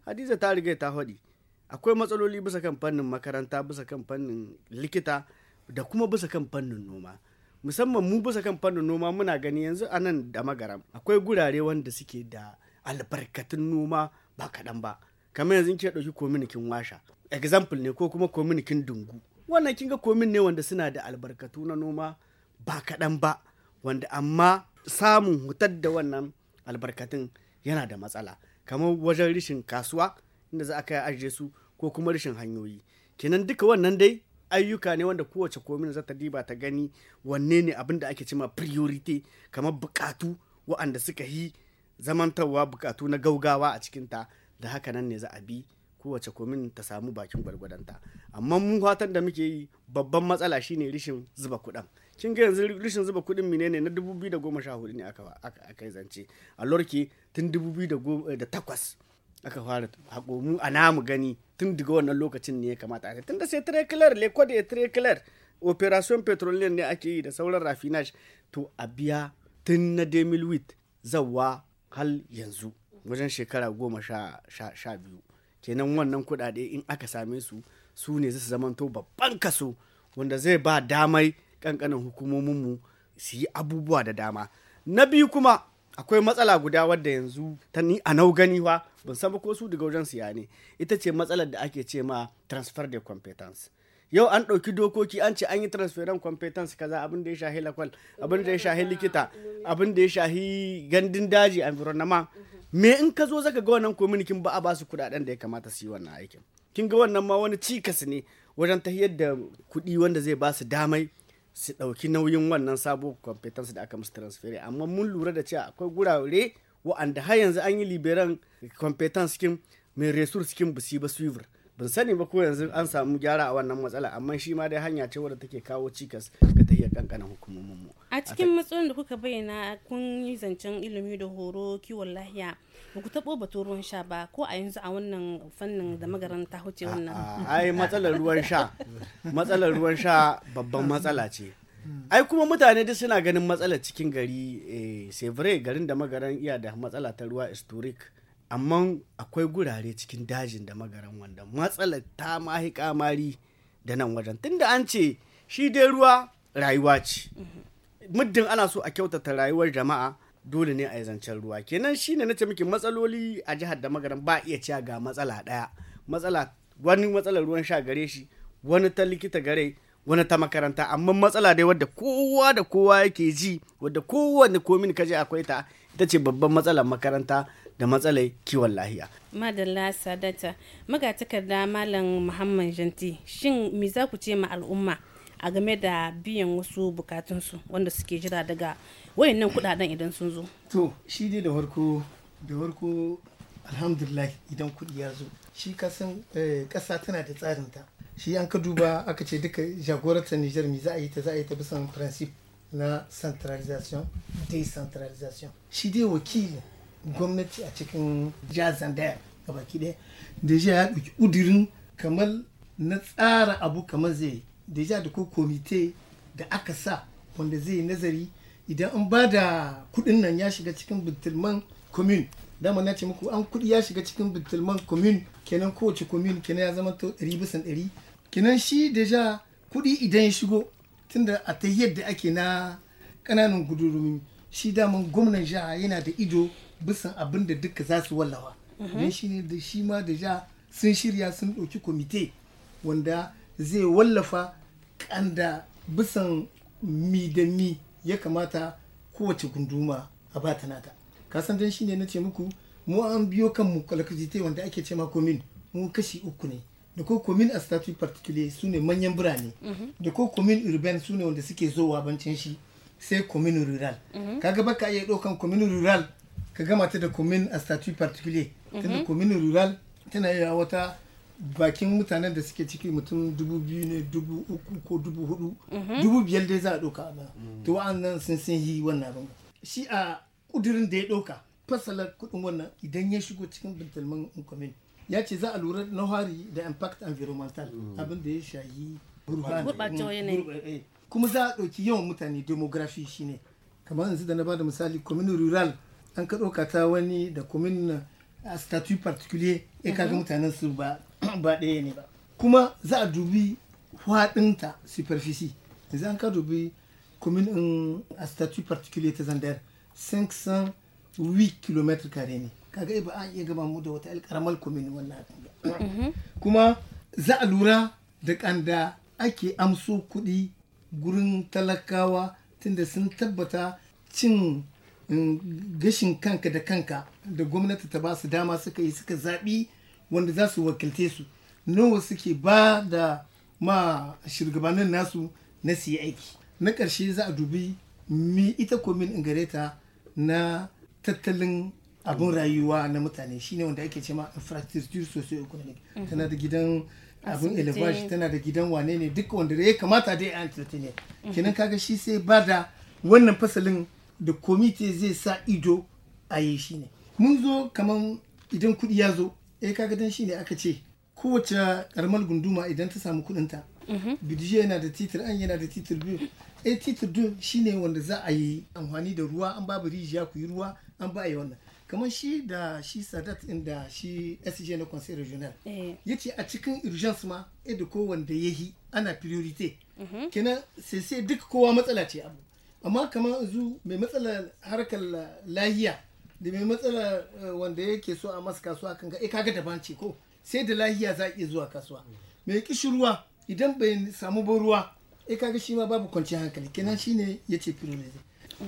hadiza ta riga ta faɗi akwai matsaloli bisa kan fannin makaranta bisa kan fannin likita da kuma bisa kan fannin noma musamman mu bisa kan fannin noma muna gani yanzu a nan da magaram akwai gurare wanda suke da albarkatun noma ba kaɗan ba kamar yanzu ke ɗauki kominikin washa example ne ko kuma kominikin dungu wannan kin ga komin ne wanda suna da albarkatu na noma ba kaɗan ba wanda amma samun hutar da wannan albarkatun yana da matsala kamar wajen rishin kasuwa inda za a kai ajiye su ko kuma rishin hanyoyi kenan duka wannan dai ayyuka ne wanda kowace komin za ta diba ta gani wanne ne abin da ake cima priority kamar bukatu waɗanda suka yi zamantarwa bukatu na gaugawa a cikinta da haka nan ne za a bi kowace komin ta samu bakin gwargwadonta amma mun fatan da muke yi babban matsala shine rishin zuba kuɗin kin ga yanzu rishin zuba kuɗin mine ne na 2014 ne aka yi zance a lorke tun 2008 aka fara haƙo mu a namu gani tun daga wannan lokacin ne ya kamata a tun da sai tirekilar le da tirekilar operation petroleum ne ake yi da sauran rafinash to a biya tun na demil wit zawa hal yanzu wajen shekara goma sha biyu kenan wannan kuɗaɗe in aka same su su ne zasu zamanto babban kaso wanda zai ba damai ƙanƙanin hukumominmu su yi abubuwa da dama na biyu kuma akwai matsala guda wadda yanzu ta ni a nau gani wa ban san ko su daga wajen siya ne ita ce matsalar da ake ce ma transfer de competence yau an ɗauki dokoki an ce an yi transferan competence kaza abin da ya shahi lakwal abin da ya shahi likita abin da ya shahi gandun daji a environment me in ka zo zaka ga wannan kominikin ba a ba su kuɗaɗen da ya kamata su yi wannan aikin kin ga wannan ma wani cikas ne wajen tahiyar da kuɗi wanda zai ba su damai su ɗauki nauyin wannan sabo competence da aka musu transferi amma mun lura da cewa akwai gurare wa'anda har yanzu an yi liberan competence skin mai resource skin ba su ba suivre ban sani ba ko yanzu an samu gyara a wannan matsala amma shi ma dai hanya ce wadda take kawo cikas ga tahiyar kankanin hukumomin
mu a cikin matsalolin da kuka bayyana kun yi zancen ilimi da horo kiwon lahiya ba ku taɓo batun ruwan sha ba ko a yanzu a wannan fannin da magaran ta huce wannan ai matsalar
ruwan sha matsalar ruwan sha babban matsala ce ai kuma mutane duk suna ganin matsalar cikin gari eh, sevre garin da magaran iya da matsala ta ruwa historic amma akwai gurare cikin dajin da magaran wanda matsalar ta mahi kamari da nan wajen tunda an ce shi dai ruwa rayuwa ce mm-hmm. muddin ana so a kyautata rayuwar jama'a dole ne a yi zancen ruwa kenan shine na ce miki matsaloli a jihar da magaran ba iya cewa ga matsala daya matsala wani matsalar ruwan sha gare shi wani ta likita gare wani ta makaranta amma matsala dai wadda kowa da kowa yake ji wadda kowanne komin kaje akwai ta ita ce babban matsalar makaranta da matsalar kiwon lahiya.
Madalla Sadata, magatakarda Malam Muhammad Janti, shin me za ku ce ma al'umma a game da biyan wasu bukatunsu wanda suke jira daga wayannan kudaden idan sun zo
to shi dai da warko da warko alhamdulillah idan kudi ya zo shi kasan eh, kasa tana da tsarin ta shi an ka duba aka ce duka jagorantar nijar mi za a yi ta za a yi ta bisan principe na centralization decentralization shi dai wakilin gwamnati a cikin jazan daya gabaki daya da ya ɗauki udirin kamar na tsara abu kamar zai deja da ko komite da aka sa wanda zai nazari idan an ba da kudin nan ya shiga cikin bitulman commune dama na ce muku an kudi ya shiga cikin bitulman komin kenan kowace komin kenan ya zama to 100 kenan shi deja kudi idan ya shigo tunda a ta yadda ake na kananan gudurumi shi daman gwamnan jiha yana da ido bisan abin da duka za su wallawa mhm. don shi ne da shi ma deja sun shirya sun ɗauki komite wanda zai wallafa kanda bisan mi da mi ya kamata kowace gunduma a ba ta nata kasan shi ne na ce muku mu an biyo kan mu kalakujite wanda ake ce ma komin mu kashi uku ne da ko komin a statut particular su ne manyan birane mhm. da ko komin urban su ne wanda suke zowa bancin shi sai komin rural mhm. Ka kaga baka iya ɗaukan komin rural ka gama ta da komin a statut particulier da mhm. komin rural tana yawa wata bakin mutanen da suke ciki mutum dubu biyu ne dubu uku ko dubu hudu mhm. dubu biyar dai za a ɗauka ba mm. to wa'annan sun sun yi wannan abin shi a kudirin da ya ɗauka fasalar kuɗin wannan idan ya shigo cikin bintalman inkomin ya ce za a lura na hari da impact environmental mm. abin da ya shayi eh. kuma za a ɗauki yawan mutane demography shine kamar yanzu da na bada misali commune rural an ka ɗauka ta wani da commune a statue particulier ya kaga mhm. mutanen su ba ba ɗaya ne ba kuma za a dubi faɗinta superfici yanzu an ka dubi commune in a statut particulier ta zandar 508 km kare ne kaga ba an iya gaba mu da wata alƙaramar commune wannan mhm. kuma za a lura da ƙanda ake amso kuɗi gurin talakawa tunda sun tabbata cin eh, gashin kanka da kanka da gwamnati ta ba su dama suka yi suka zaɓi wanda za su wakilce su nawa suke ba da ma shugabannin nasu na siya aiki na ƙarshe za a dubi mi ita komin ingareta na tattalin abin rayuwa na mutane shine wanda ake cema infrastructure socio-economic mhm. tana da gidan abin elevage tana da gidan wane ne duk wanda ya kamata dai a entertainer mhm. kenan kaga shi sai ba da wannan fasalin da komite zai sa ido a yi shi ne mun zo kaman idan kuɗi ya zo eh kaga dan shine aka ce kowace karamar gunduma idan ta samu kudinta mm-hmm. bidiyo yana da titir an yana da titir biyu eh titir biyu shine wanda za a yi amfani da ruwa an babu rijiya ku yi ruwa an ba a yi wannan kamar shi da shi sadat da shi sg na conseil regional eh. ya ce a cikin urgence ma da ko wanda ya yi ana priorite mm-hmm. kenan sai sai duk kowa matsala ce abu amma kamar zu mai matsalar harkar lahiya da mai matsala eh, wanda yake so a masa kasuwa kan ga eh, kaga daban ce ko sai da lahiya za a iya zuwa kasuwa mai kishi ruwa idan bai samu ba ruwa eh, ka kaga shi ma babu kwanciyar hankali kenan shine ya ce feminism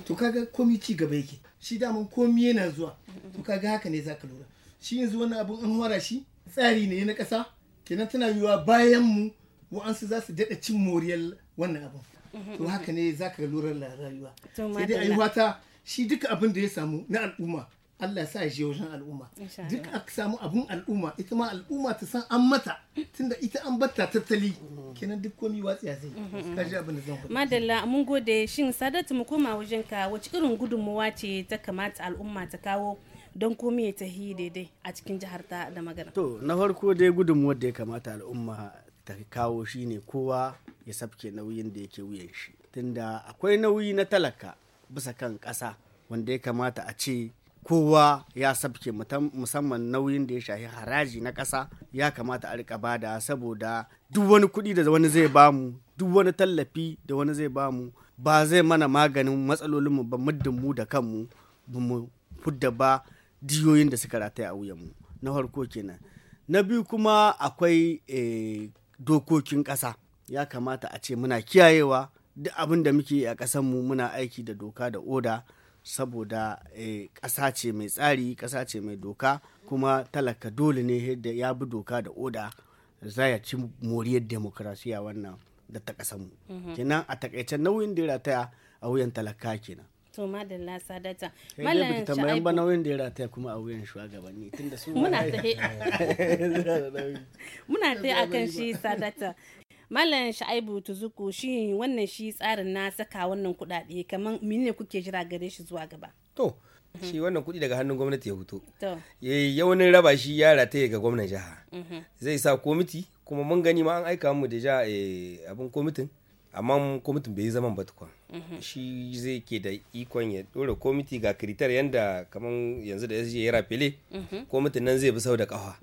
to kaga komi ci gaba yake shi daman komi yana zuwa to kaga haka ne zaka lura shi yanzu wani abun an hora shi tsari ne na kasa kenan tana yiwa bayan mu wa'ansu za su daɗa cin moriyar wannan abun mhm. to haka ne zaka lura rayuwa sai dai ayi wata shi duka abin da ya samu na al'umma Allah ya sa ya je wajen al'umma duk aka samu abin al'umma ita ma al'umma ta san an mata tunda ita an batta tattali kenan duk watsi ya zai mm-hmm. ka ji abin da zan faɗi
madalla mun gode shin sadatu mu koma wajen ka wace irin gudunmuwa ce ta kamata al'umma ta kawo don komai ya tahi daidai a cikin jihar ta da magana
to na farko dai gudunmuwar da ya kamata al'umma ta kawo shine kowa ya sabke nauyin da yake wuyan shi tunda akwai nauyi na talaka bisa kan ƙasa wanda ya kamata a ce kowa ya sabke musamman nauyin da ya shahi haraji na ƙasa ya kamata a rika bada saboda duk wani kuɗi da wani zai bamu duk wani tallafi da wani zai bamu ba zai mana maganin matsalolinmu ba muddin mu da kanmu ba mu fudda ba diyoyin da suka rataya a wuyanmu na farko kenan na biyu kuma akwai eh, dokokin ƙasa ya kamata a ce muna kiyayewa duk abin da muke a mu muna aiki da doka da oda saboda eh, ƙasa ce mai tsari ƙasa ce mai doka kuma talaka dole ne yadda ya bi doka da oda za ya ci moriyar demokrasiya wannan da ta mu mhm. kenan a takaice nauyin da ya rataya a wuyan talaka kenan
to madalla sadata mallan sha'ibu ba
nauyin da ya rataya kuma a wuyan shugabanni tunda su muna ta
muna ta akan shi sadata Malam Sha'ibu Tuzuku shi wannan shi tsarin na saka wannan kuɗaɗe kamar menene kuke jira gare shi zuwa
gaba? To, shi wannan kuɗi daga hannun gwamnati ya fito. Yawanin raba shi ya rataye ga gwamnan jiha. Mhm. Zai sa komiti kuma mun gani ma an aika mu da ja eh, abin komitin. amma komitin bai yi zaman ba tukwa. Mhm. shi zai ke da ikon ya dora komiti ga kiritar yadda kamar yanzu da ya je ya rafele mhm. Komitin nan zai bi sau da kafa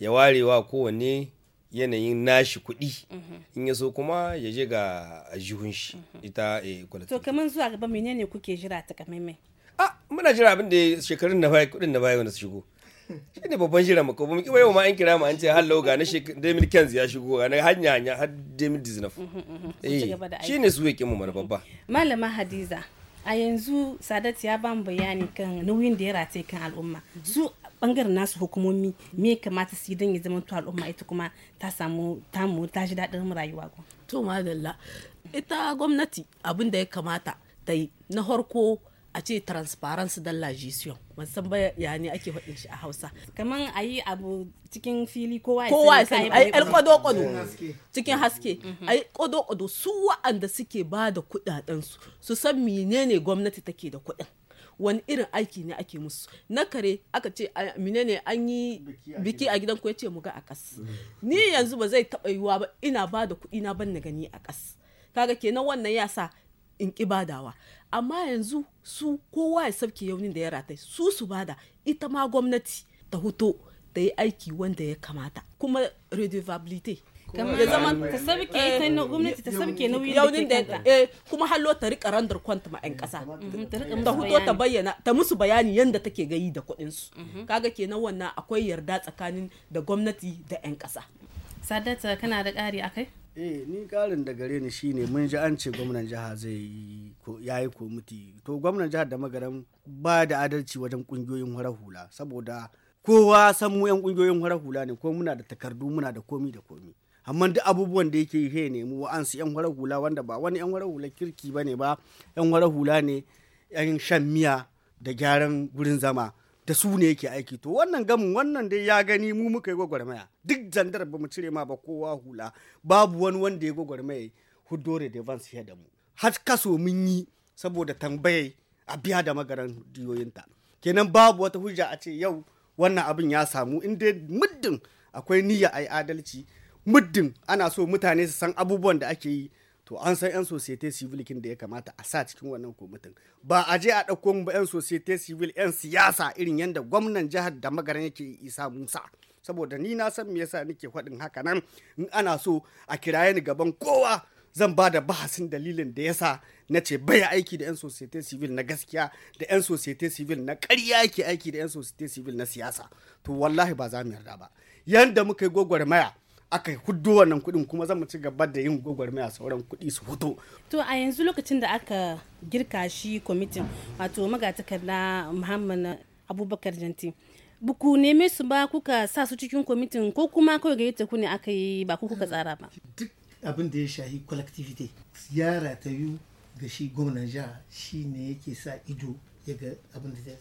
ya ware wa kowanne yanayin nashi kuɗi mhm. in ya so kuma ya je ga jihun shi mhm. ita eh, to
kamar zuwa gaba menene kuke jira ta kamaimai
a ah, muna jira abin da shekarun na baya kuɗin na baya wani su shigo shi ne babban jira mu kuma kiwa yau ma an kira mu an ce hallo ga na Demil Kenz ya shigo ga na hanya hanya har Demil
mhm,
eh, Diznaf shi ne
su yake mu mana babba
malama Hadiza a yanzu Sadat ya ban bayani kan nauyin da ya rataye kan al'umma su bangaren nasu hukumomi me kamata su yi don ya zama to al'umma ita kuma ta samu tamu ta ji daɗin rayuwa ko to madalla
ita gwamnati abin da ya kamata ta yi na farko a ce transparency don la gestion ya ne ake faɗin shi a hausa kamar a abu
cikin fili kowa ya sani ai yar kwado cikin haske
mhm. ai kwado-kwado su wa'anda suke ba da kudaden su su san menene gwamnati take da kuɗin wani irin aiki ne ake musu na kare aka ce menene an yi biki a gidan ku ya ce mu ga a kas mm. ni yanzu ba zai taɓa yiwuwa ba ina ba da kuɗi na ban na gani a kas kaga kenan wannan ya sa in ki badawa amma yanzu su kowa ya sabke yaunin da ya ratai su su bada ita ma gwamnati ta huto da yi aiki wanda ya kamata kuma redevability ya zama eh. ta ke ita na gwamnati ta da ke kanta kuma hallo ta rika randar kwanta ma yan kasa mm-hmm. ta huto ta bayyana ta musu bayani yanda take gayi da kuɗin su mm-hmm. kaga kenan wannan akwai yarda tsakanin da gwamnati da yan kasa sadata kana da ƙari akai
eh ni ƙarin da gare ni shine mun ji an ce gwamnan jiha zai yi ko yayi komiti to gwamnan jihar da magaran ba da adalci wajen kungiyoyin horar hula saboda kowa san mu yan kungiyoyin hula ne ko muna da takardu muna da komi da komi amma duk abubuwan da yake he nemi wa'ansu yan wara hula wanda ba wani yan wara hula kirki ba ne ba yan wara hula ne yan shan miya da gyaran gurin zama da su ne yake aiki to wannan gamin wannan dai ya gani mu muka yi gwagwarmaya duk zandar ba mu cire ma ba kowa hula babu wani wanda ya gwagwarmaya hudore da vance ya da mu har kaso mun yi saboda tambayai a biya da magaran diyoyinta kenan babu wata hujja a ce yau wannan abin ya samu inda muddin akwai niyya ayi adalci muddin ana so mutane su san abubuwan da ake yi to an san 'yan societe civil kin da ya kamata a sa cikin wannan kwamitin ba a je a ɗauko ba 'yan societe civil 'yan siyasa irin yadda gwamnan jihar da magaran yake isa musa saboda ni na san me yasa nake faɗin haka nan in ana so a kiraye ni gaban kowa zan ba da bahasin dalilin da yasa na ce bai aiki da 'yan societe civil na gaskiya da 'yan societe civil na ƙarya yake aiki da 'yan societe civil na siyasa to wallahi ba za mu yarda ba yanda muka yi gwagwarmaya aka hudu wannan kuɗin kuma zan ci gaba da yin gwagwarmaya sauran kuɗi su hutu.
To a yanzu lokacin da aka girka shi kwamitin wato magatakarda Muhammad Abubakar Janti. Buku neme su ba kuka sa su cikin kwamitin ko kuma kawai gayyata ku ne aka yi ba ku kuka tsara ba. Duk
abin da ya shahi collectivity ziyara ta yi ga shi gwamnan jiha shi ne yake sa ido ya ga abin da zai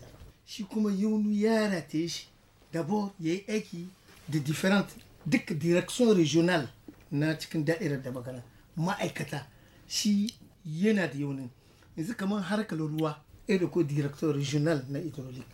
Shi kuma yunu yara ta yi shi dabo ya yi aiki da different duk direction regional na cikin da'irar da magana ma'aikata shi yana da yaunin yanzu kamar harkar ruwa ɗaya da ko director regional na hydraulic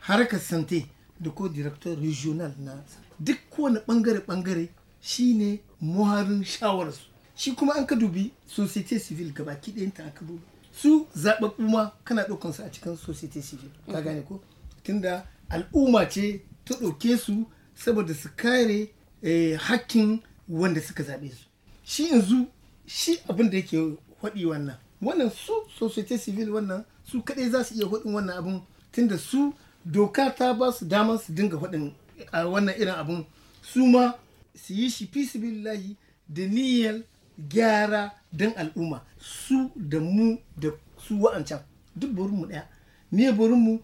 harkar sante da ko director regional na duk kowane bangare-bangare shi ne muharin shawararsu shi kuma an ka dubi societe civil gaba ɗayanta an ka dubi su zaɓaɓɓu ma kana ɗaukan su a cikin societe civil ka gane ko tunda al'umma ce ta ɗauke su saboda su kare Eh, hakkin wanda suka zaɓe su shi yanzu shi abin da yake faɗi wannan wannan su societe civil wannan su kaɗai za su iya faɗin wannan abin tunda su doka ta ba su damar su dinga faɗin wannan irin abin su ma su yi shi fisibilahi da niyyar gyara don al'umma su da mu da su wa'ancan duk borinmu ɗaya ne borinmu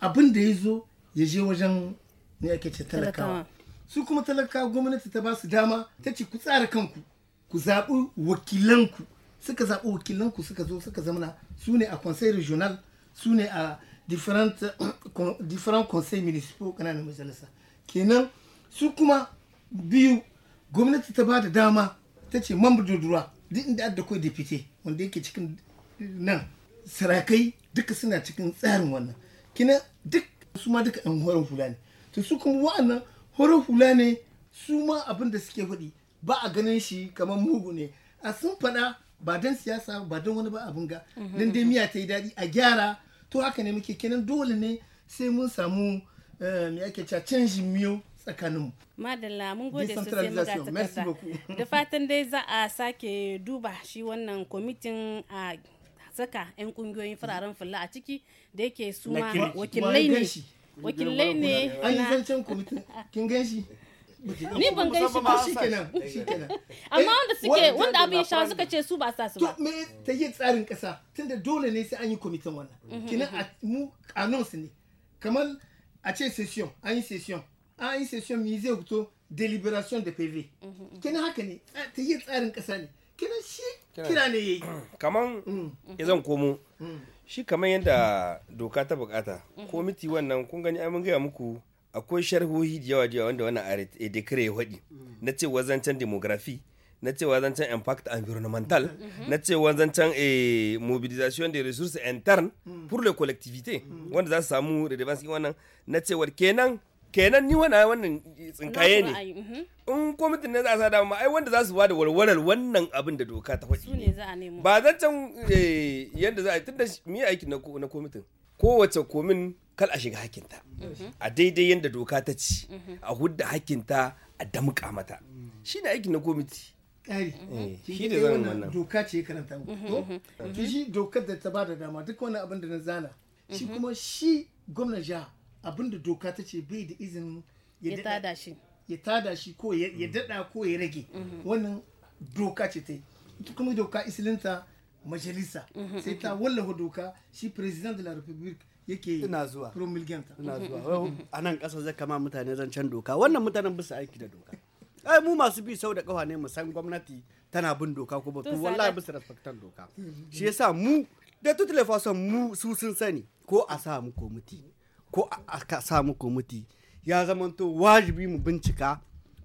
abin da ya zo ya je wajen ne ake ce talakawa su kuma talaka gwamnati ta ba su dama ta ce ku tsara kanku ku zaɓi wakilanku suka zaɓi wakilanku suka zo suka zamana su ne a conseil regional su ne a different conseil municipal ƙananan majalisa kenan su kuma biyu gwamnati ta ba da dama ta ce man budurwa duk inda adda kawai deputy wanda yake cikin nan sarakai duka suna cikin tsarin wannan kina duk su ma duka yan horon fulani to su kuma wa'annan Horo hula ne su ma abin da suke faɗi ba a ganin shi kamar mugu ne a sun faɗa ba don siyasa ba don wani ba abin ga mhm. don dai miya ta yi daɗi a gyara to haka ne muke kenan dole ne sai mun samu eh, me ake cewa canjin miyo tsakaninmu.
Madalla mun gode sosai magatakarda. Da fatan dai za a sake duba shi wannan kwamitin a saka 'yan kungiyoyin fararen fulla a ciki da yake
suma wakilai ne. wakilai ne an yi zancen kwamitin kin gan shi ni ban gan shi ba shi kenan amma eh, wanda suke wanda abin ya sha suka ce su ba sa su ba me ta yi tsarin kasa tunda dole ne sai an yi kwamitin wannan mm-hmm. kina mu kanon su ne kamar a ce session an yi session an yi session mi zai fito deliberation da pv mm-hmm. kina haka ne ta yi tsarin kasa ne kina shi kira ne yayi
kaman idan mm. komo mm. shi kamar yadda doka ta bukata komiti wannan kun gani an gaya muku akwai sharhohi da yawa wanda wannan a ya haɗi na ce wazancan demografi na ce wazancan impact environmental na ce wazancan a eh, mobilisation de resources interne pour le collectivité wanda za su samu redevance wannan na cewar kenan kenan ni wani wannan tsinkaye ne mhm. in kwamitin na za a sa dama ai wanda za su ba da warwarar wannan abin da doka ta faɗi
ne ba
zan can eh, yadda za a yi tun da mi aiki na kwamitin kowace komin kal a shiga hakinta mhm. a daidai yadda doka ta ci mhm. a hudda hakinta a damƙa mata mm.
shi ne aikin na kwamiti ƙari eh, shi ne zan wannan doka ce karanta to shi dokar da ta ba da dama duk wani abin da na zana shi kuma shi gwamnan jiha abinda doka ta ce bai da izinin ya tada shi ya tada shi ko ya dada ko ya rage mhm. wannan doka ce ta yi kuma doka isilinta majalisa mhm. sai ta wallafa doka shi president de la republique yake ina zuwa ina zuwa
a nan ƙasa zai kama mutane zan can doka wannan mutanen bisa aiki da doka ai mu masu bi sau da kawa ne mu san gwamnati tana bin doka ko ba to wallahi bisa respectan doka shi yasa mu da tutule fason mu su sun sani ko a sa mu komiti ko aka sa muku muti ya zamanto wajibi mu bincika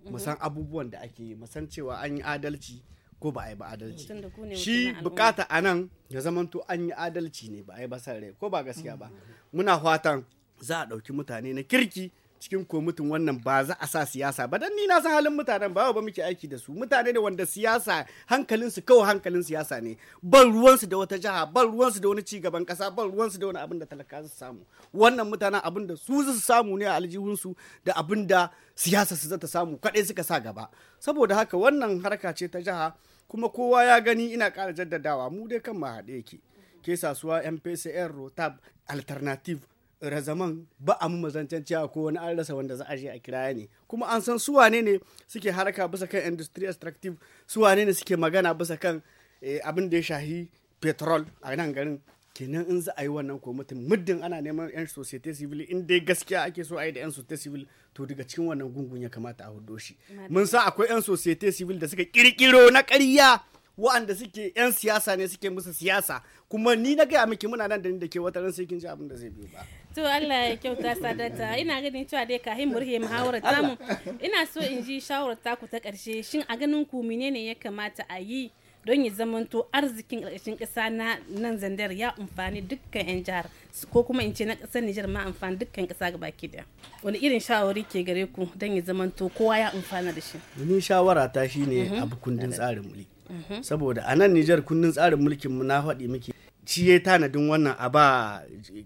mu san mhm. abubuwan da ake yi mu san cewa an yi adalci ko ba a yi ba adalci shi bukata a nan ya zamanto an yi adalci ne ba a yi ba rai ko ba gaskiya ba mhm. muna fatan za a ɗauki mutane na kirki cikin komitin wannan ba za a sa siyasa ba dan ni na san halin mutanen ba ba muke aiki da su mutane da wanda siyasa hankalin su kawai hankalin siyasa ne ban ruwan su da wata jiha ban ruwan su da wani cigaban kasa ban ruwan su da wani abin da talaka su samu wannan mutanen abin da su su samu ne a aljihun su da abin da siyasa su zata samu kadai suka sa gaba saboda haka wannan harka ce ta jiha kuma kowa ya gani ina ƙara jaddadawa mu dai kan ma haɗe yake ke sasuwa mpcr rotab alternative razaman ba a mun zancen cewa ko wani an rasa wanda za a je a kiraya ne kuma an san su wane ne suke haraka bisa kan industry extractive su wane ne suke magana bisa kan eh, abin da ya shahi petrol a nan garin kenan in za a yi wannan kwamitin muddin ana neman yan societe civil in dai gaskiya ake so a yi da yan societe civil to daga cikin wannan gungun ya kamata a hudo shi mun san akwai yan societe civil da suka kirkiro na ƙarya wa'anda suke 'yan siyasa ne suke musu siyasa kuma ni na gaya miki muna nan da ni da ke wata ran sai kin ji abin da zai biyo ba
to Allah ya kyauta sadata ina ganin cewa dai kahin murhe ta tamu ina so in ji shawarar taku ta karshe shin a ganin ku menene ya kamata a yi don ya zamanto arzikin karkashin kasa na nan zandar ya amfani dukkan 'yan jihar ko kuma in ce na kasar Nijar ma amfani dukkan ga baki da wani irin shawari ke gare ku don ya zamanto kowa ya amfana da shi
ni shawara ta shine mhm. abu kundin tsarin mulki mhm. saboda a nan Nijar kundin tsarin mulkin mu na faɗi muke shi ya tanadin wannan a ba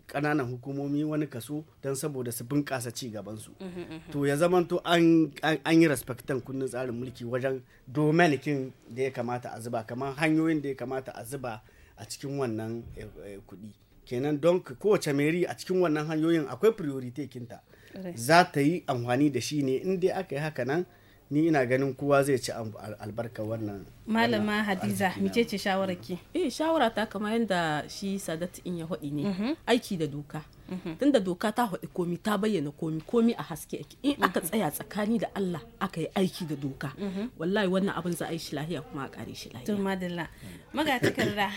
ƙananan hukumomi wani kaso don saboda su bunƙasa ci gabansu uhm, uhm, uhm. to ya zamanto an yi respectan kundin tsarin mulki wajen domenikin da ya kamata a zuba kamar hanyoyin da ya kamata a zuba a cikin wannan eh, eh, kuɗi kenan don kowace meri a cikin wannan hanyoyin akwai priority kinta za ta yi amfani da shi ne in dai aka yi haka nan ni ina ganin kowa zai ci albarka wannan
malama hadiza mice ce
shawarar ki eh shawara ta kamar yadda shi sadat in ya hodi ne mhm. aiki da doka mhm. tunda doka ta hodi komi ta bayyana komi komi a haske in aka mhm. tsaya tsakani da Allah aka yi aiki da doka wallahi wannan abin za a yi shi lahiya kuma a kare shi lahiya
da la maga karra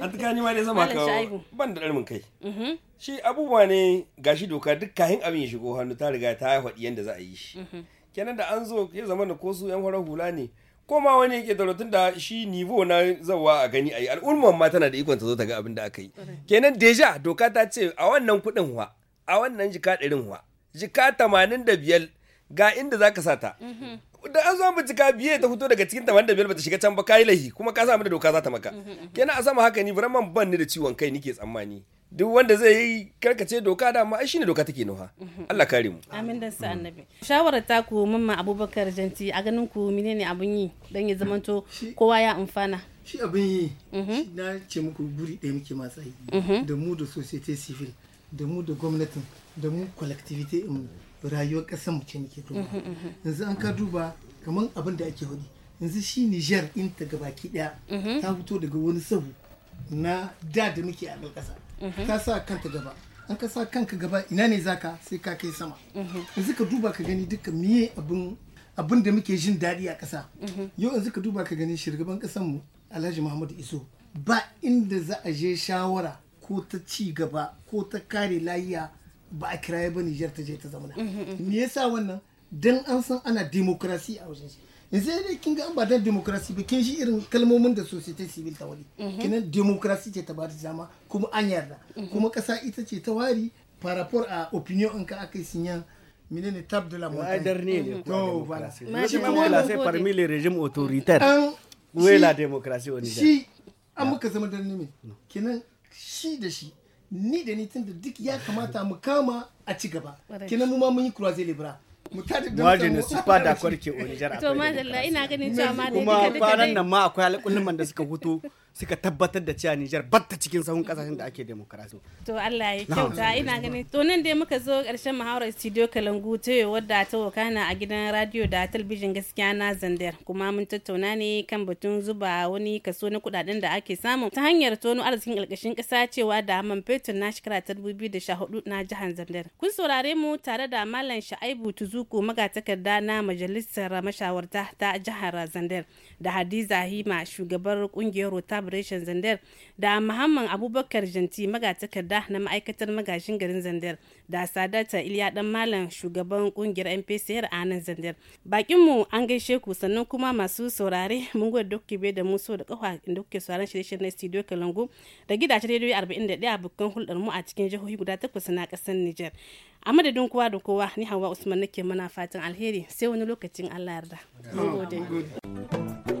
a tuka ni ma dai zama kawo ban da dalmin kai
shi abubuwa ne gashi doka duk kahin abin ya shigo hannu ta riga ta hodi yadda za a yi shi kenan da an zo ya zama da ko su yan farar hula ne ko ma wani yake da da shi nivo na zawa a gani ayi al'ummar ma tana da ikon ta zo ta ga abin da aka yi kenan deja doka ta ce a wannan kuɗin wa a wannan jika ɗarin wa jika tamanin ga inda za ka sa ta mhm. da an zo bincika biye ta fito daga cikin taman da biyar bata shiga can ba kai lahi kuma ka samu da doka za ta maka mm-hmm, mm-hmm. kenan a sama haka ni man ban ni da ciwon kai nike tsammani duk wanda zai yi karkace doka da ma shine doka take nuha mm-hmm. Allah kare mu
amin dan sa annabi shawara ta ku mamma Abubakar Janti a ganin ku menene abun yi dan ya zamanto kowa ya amfana
shi abun yi na ce muku guri ɗaya muke matsayi da mu da society civil da mu da gwamnatin da mu collectivity mu rayuwar ƙasar mu ce muke duba yanzu an ka duba kamar abin da ake hudi yanzu shi Nijar in ta gabaki daya ta fito daga wani sabu na da da muke a ƙasa ta sa kanta gaba an ka sa kanka gaba ina ne zaka sai ka kai sama yanzu ka duba ka gani duka miye abin abin da muke jin daɗi a ƙasa yau yanzu ka duba ka gani shugaban mu alhaji muhammadu iso ba inda za a je shawara ko ta ci gaba ko ta kare layiya ba a kiraye ba Nijar ta je ta zamana mm-hmm, mm-hmm. me yasa wannan dan an san ana demokrasi a wajen shi sai dai kin ga an ba dan demokrasi ba kin shi irin kalmomin da society civil ta wani mm-hmm. kinan demokrasi ce ta ba da dama kuma an yarda kuma kasa ita ce ta wari par rapport a opinion in ka aka sinya sinyan menene tab de la montagne dernier to oh, voilà shi kuma la c'est parmi
les régimes autoritaires où est la démocratie au Niger shi
an muka zama dan ne kenan shi da shi ni da ni tun da duk ya kamata mu kama a ci gaba kenan mu ma mun yi croiser les bras Wajen da su fada
kwarke o To madalla
ina ganin cewa ma da dai. Kuma kwanan nan
ma akwai alƙulman da suka huto suka tabbatar da cewa Nijar batta cikin sahun kasashen da ake demokarasi.
To Allah ya kyauta ina ganin to nan dai muka zo karshen muhawarar studio Kalangu ta wadda ta wakana a gidan radio da talbijin gaskiya na Zandar kuma mun tattauna ne kan batun zuba wani kaso na kudaden da ake samu ta hanyar tono arzikin alkashin kasa cewa da man fetur na shekara ta 2014 na jihar Zandar. Kun saurare mu tare da Malam Shaibu Tuzuku magatakarda na majalisar mashawarta ta jihar Zandar da Hadiza Hima shugabar kungiyar Rotaba collaboration zandar da muhammad abubakar janti magatakarda na ma'aikatar magashin garin zandar da sadata iliya dan malam shugaban kungiyar mpcr a nan zandar bakin mu an gaishe ku sannan kuma masu saurare mun gwada bai da mu so da kafa inda kuke sauran shirye-shiryen na studio kalangu da gidajen rediyo 41 a bukkan hulɗar mu a cikin jihohi guda takwas na ƙasar niger a madadin kowa da kowa ni hawa usman nake mana fatan alheri sai wani lokacin allah
yarda.